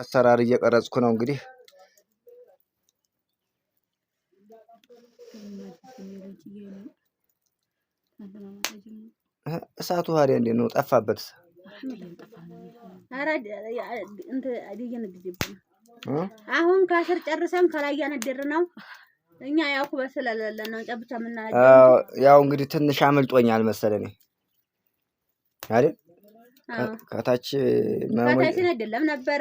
አሰራር እየቀረጽኩ ነው እንግዲህ እሳቱ ሀዲያ እንዴት ነው ጠፋበት? አሁን ከስር ጨርሰን ከላይ እያነደር ነው። እኛ ያው ኩበት ስለሌለን ነው ጨብቻ የምናነደው። ያው እንግዲህ ትንሽ አመልጦኛል መሰለኝ አይደል? ከታች ከታች ሲነድ የለም ነበረ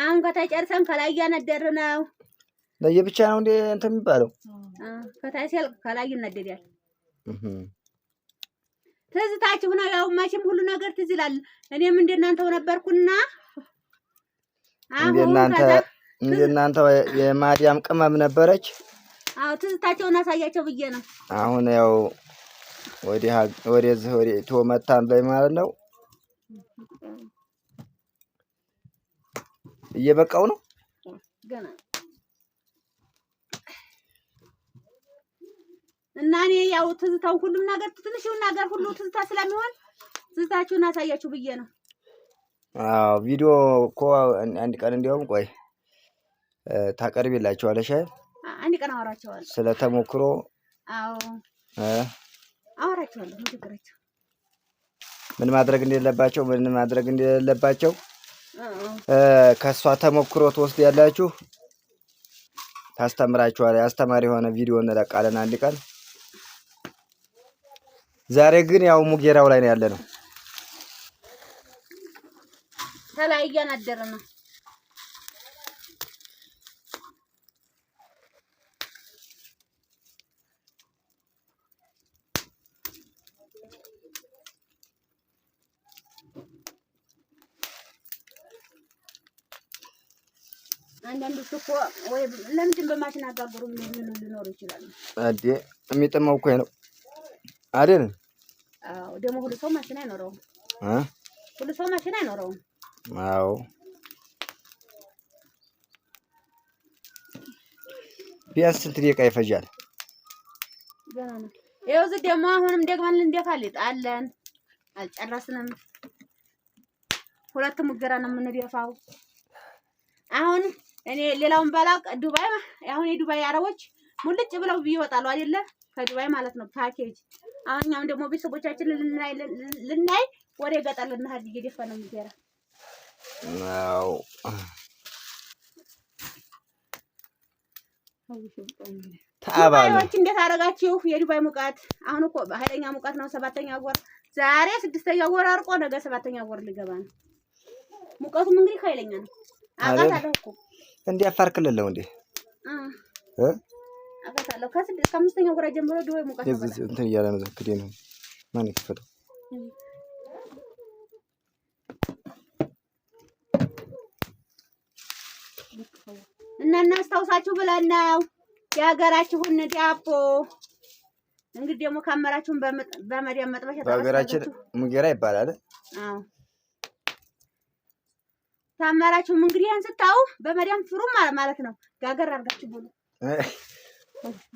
አሁን ከታች ጨርሰን ከላይ እያነደር ነው። ለየብቻ ነው እንዴ እንትን የሚባለው ከታች ሲያልቅ ከላይ ይነደዳል። ትዝታችሁ ነው ያው መቼም ሁሉ ነገር ትዝ ይላል። እኔም እንደ እናንተው ነበርኩና እንደ እናንተው የማዲያም ቅመም ነበረች። አዎ ትዝታቸውን አሳያቸው ብዬ ነው። አሁን ያው ወዲህ ወደዚህ ወደ ቶ መታን ላይ ማለት ነው። እየበቃው ነው እና እኔ ያው ትዝታው ሁሉም ነገር ትንሽው ነገር ሁሉ ትዝታ ስለሚሆን ትዝታችሁን አሳያችሁ ብዬ ነው። አዎ ቪዲዮ እኮ አንድ ቀን እንዲያውም ቆይ ታቀርቢላችኋለሽ። አንድ ቀን አወራቸዋለሁ ተሞክሮ። አዎ አወራቸዋለሁ። ምን ማድረግ እንደሌለባቸው ምን ማድረግ እንደሌለባቸው ከእሷ ተሞክሮ ትወስድ ያላችሁ ታስተምራችኋል። አስተማሪ የሆነ ቪዲዮ እንለቃለን አንድ ቀን። ዛሬ ግን ያው ሙጌራው ላይ ነው ያለ ነው። ተለያየን አደርና አንዳንዶቹ እኮ ወይ ለምንድን በማሽን አጋግሩ የሚሉ ሊኖሩ ይችላሉ። አዴ የሚጥመው እኮ ነው አይደል? አዎ። ደግሞ ሁሉ ሰው ማሽን አይኖረውም። እ ሁሉ ሰው ማሽን አይኖረውም። አዎ። ቢያንስ ስንት ደቂቃ ይፈጃል? ይኸው እዚህ ደግሞ አሁንም ደግመን ልንደፋ አልጨረስንም። ሁለት ሙገራ ነው የምንደፋው አሁን እኔ ሌላውን ባላቅ ዱባይ አሁን የዱባይ አረቦች ሙልጭ ብለው ይወጣሉ አይደለ? ከዱባይ ማለት ነው ፓኬጅ። አሁን እኛም ደግሞ ቤተሰቦቻችን ልናይ ልናይ ወደ ገጠር ልናሄድ እየደፋ ነው የሚገራ ነው ታባሎች እንዴት አደረጋችሁ? የዱባይ ሙቀት አሁን እኮ ኃይለኛ ሙቀት ነው። ሰባተኛ ወር ዛሬ ስድስተኛ ወር አርቆ ነገ ሰባተኛ ወር ሊገባ ነው። ሙቀቱም እንግዲህ ኃይለኛ ነው። አውቃታለሁ እኮ እንዴ አፋር ክልል ነው እንዴ? አፈታለሁ ከስድስት ከአምስተኛው ጉራ ጀምሮ ድሮ ሙቀት እንትን እያለ ነው። ዘክዴ ነው ማን የከፈተው? እና እናስታውሳችሁ ብለን ነው የሀገራችሁን ዳቦ እንግዲህ ደግሞ ካመራችሁን በመዳም መጥበሻ በሀገራችን ሙጌራ ይባላል። አዎ ታማራችሁም እንግዲህ ያን ስታዩ በመዳም ፍሩ ማለት ነው። ጋገር አድርጋችሁ ብሉ።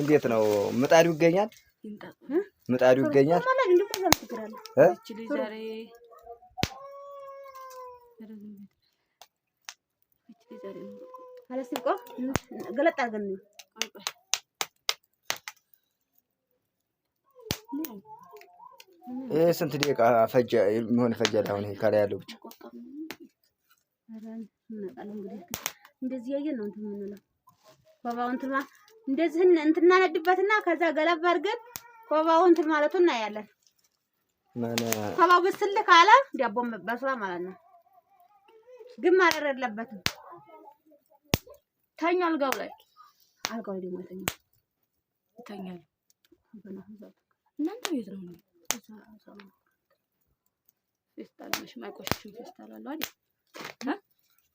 እንዴት ነው ምጣዱ ይገኛል? ምጣዱ ይገኛል። ገለጥ አድርገን ይህ ስንት ደቂቃ ፈጃ? የሚሆን ፈጃል። አሁን ይሄ ከላይ ያለው ብቻ አላን እናቃለን እንግዲህ እንደዚህ ያየን ነው እንትን የምንለው ኮባውን እንትን እንደዚህ እንትን እናነድበትና ከዛ ገለብ አድርገን ኮባውን እንትን ማለቱን እናያለን። ኮባው ብስል ካለ ዳቦ መበስላ ማለት ነው። ግን ማረር የለበትም። ተኛ አልጋው ላይ አልጋው ላይ ደግሞ ተኛ ተኛ። እናንተ ቤት ነው ነው ፌስታል ማይቆሽሽም ፌስታል አለ አይደል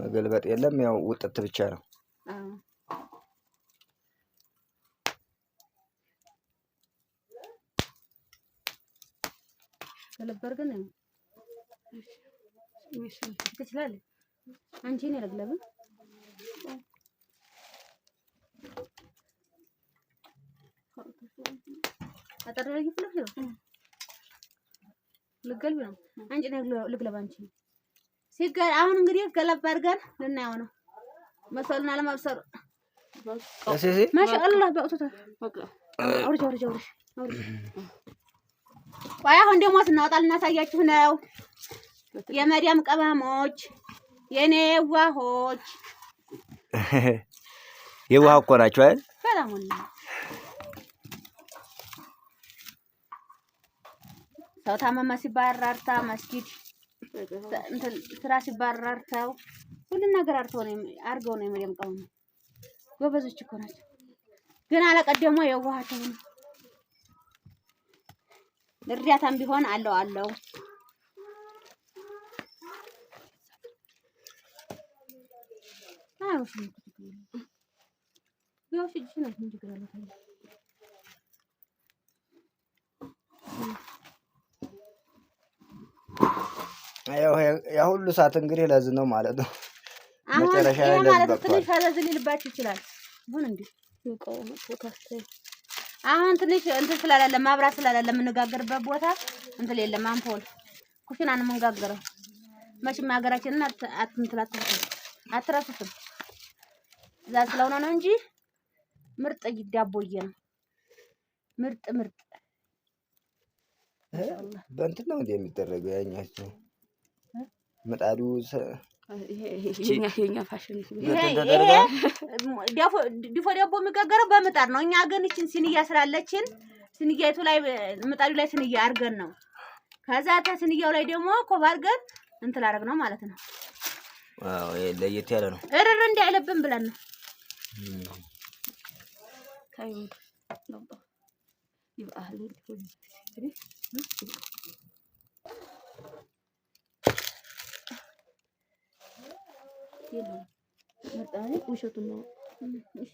መገልበጥ የለም ያው ውጥት ብቻ ነው። ገለበር ግን ትችላለህ። አንቺን ያለግለብን አጠራሪ ፍለፍ ልገልብ ነው። አንቺን ልግለብ አንቺን ሲገ- አሁን እንግዲህ ገለባ አድርገን ልናየው ነው መሰሉን አለመብሰሉ። ማሻአላህ በቅቶታል። አውርጅ አውርጅ አውርጅ አውርጅ። ቆይ አሁን ደግሞ ስናወጣ ልናሳያችሁ ነው። የመዲያም ቀባሞች የኔ የዋሆች የውሃ እኮ ናቸው አይደል? ሰላም ሰው ታመመ ሲባል መስጊድ ስራ ሲባረር አርተው ሁሉን ነገር አርተው ነው አርገው ነው የመሪያም ቀው ጎበዞች እኮ ናቸው። ግን አለቀደሞ የዋሃቸው ነው። እርዳታም ቢሆን አለው አለው አዎ ያ ሁሉ ሰዓት እንግዲህ ለዚህ ነው ማለት ነው። መጨረሻ ላይ ለዚህ በቅቷል። ፈረዝ ሊልባችሁ ይችላል። ቡን እንዴ አሁን ትንሽ እንትን ስላላለ ማብራት ስላላለ የምንጋገርበት ቦታ እንትን የለም። አምፖል ኩሽና ነው የምንጋገረው። መቼም ሀገራችንን አትንትላት አትረሱትም። እዛ ስለሆነ ነው እንጂ ምርጥ ዳቦዬ ነው። ምርጥ ምርጥ በእንትን ነው እንደ የሚደረገው ያኛቸው ምጣዱ የኛ ዳቦ የሚጋገረው በምጣድ ነው። እኛ ግን ይችን ሲንያ ስላለችን ሲንያይቱ ላይ ምጣዱ ላይ ሲንያ አድርገን ነው። ከዛ ሲንያው ላይ ደግሞ ኮባ አድርገን እንትን አደረግ ነው ማለት ነው። ለየት ያለ ነው። እርር እንዳይለብን ብለን ነው። የለውም። ምጣኔ ውሸቱን ነው። እሺ ወይ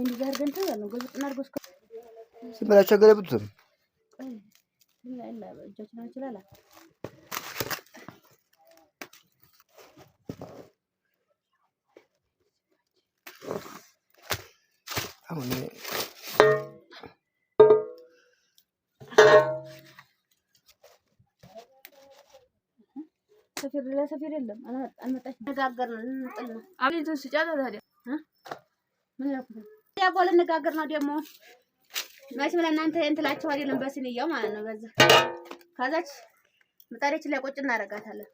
እንደዛ አድርገን ተባልን። ጎዝጥና አድርገው እስከ ዝም ብላችሁ አገለብጡትም እጃችን ይችላል። አሁን ሰፊር ለሰፊር የለም አልመጣሽ ነጋገር ነው ልንጥል ነው። አብሬቱን ስጫት ታዲያ ምን ያልኩት ያጎ ነጋገር ነው ደግሞ መቼም ለእናንተ እንትላችኋል የለም በስንያው ማለት ነው። በዛ ከዛች ምጣዳችን ላይ ቁጭ እናደርጋታለን።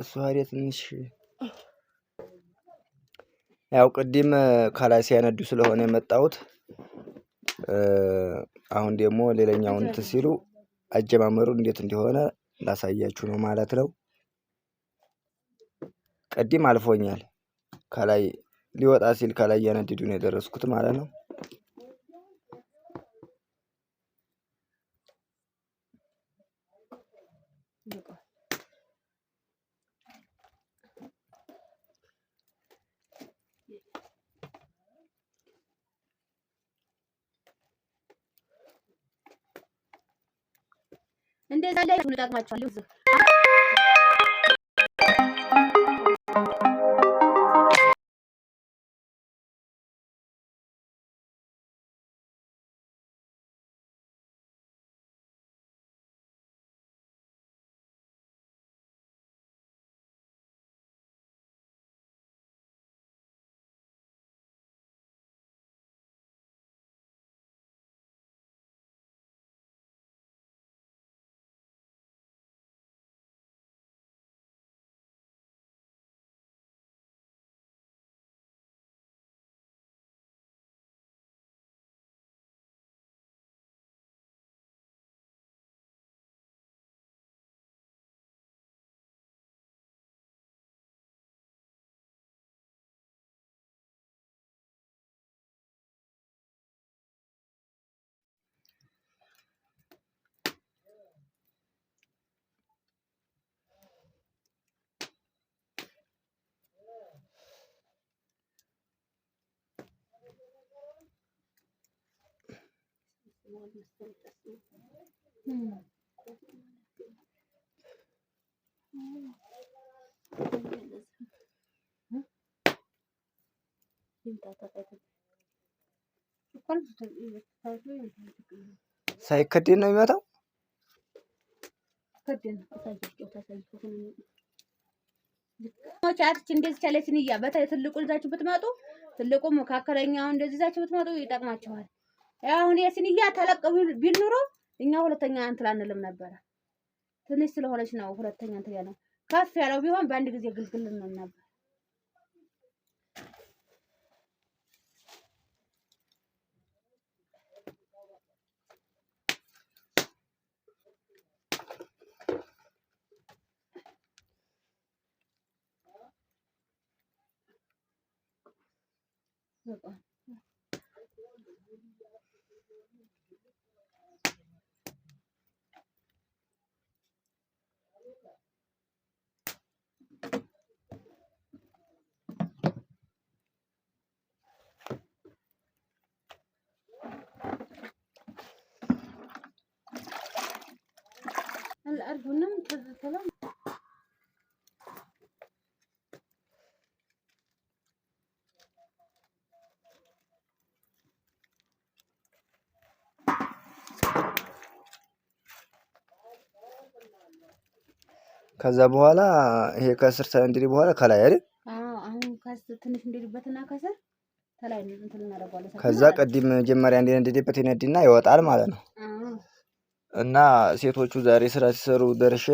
እሱ ሀዲያ ትንሽ ያው ቅድም ከላይ ሲያነዱ ስለሆነ የመጣሁት አሁን ደግሞ ሌላኛውን እንትን ሲሉ አጀማመሩ እንዴት እንደሆነ ላሳያችሁ ነው ማለት ነው። ቅድም አልፎኛል። ከላይ ሊወጣ ሲል ከላይ እያነድዱ ነው የደረስኩት ማለት ነው። እንደዛ ላይ ሁሉ ጠቅማቸዋለሁ። ሳይከደን ነው የሚመጣው። ቻች እንደዚህ ቻለችን እያ በተለይ ትልቁ ይዛችሁ ብትመጡ ትልቁ መካከለኛውን እንደዚህ ይዛችሁ ብትመጡ ይጠቅማችኋል። አሁን የሲንያ ተለቅ ቢል ኑሮ እኛ ሁለተኛ እንትን አንልም ነበረ። ትንሽ ስለሆነች ነው ሁለተኛ እንትን ያለው። ከፍ ያለው ቢሆን በአንድ ጊዜ ግልግል ነው ነበር። ሰላም ከዛ በኋላ ይሄ ከስር እንዲህ በኋላ ከላይ አይደል? አሁን ከስር ትንሽ እንዲልበትና ከስር ከላይ እንትን እናደርገዋለን። ከዛ ቅድም መጀመሪያ እንዲነድድበት ይነድና ይወጣል ማለት ነው። እና ሴቶቹ ዛሬ ስራ ሲሰሩ ደርሼ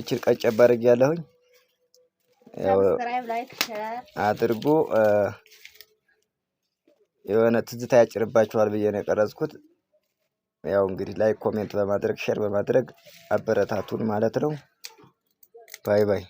እችል ቀጨባ አድርግ ያለሁኝ አድርጎ የሆነ ትዝታ ያጭርባቸዋል ብዬ ነው የቀረጽኩት። ያው እንግዲህ ላይክ፣ ኮሜንት በማድረግ ሼር በማድረግ አበረታቱን ማለት ነው። ባይ ባይ።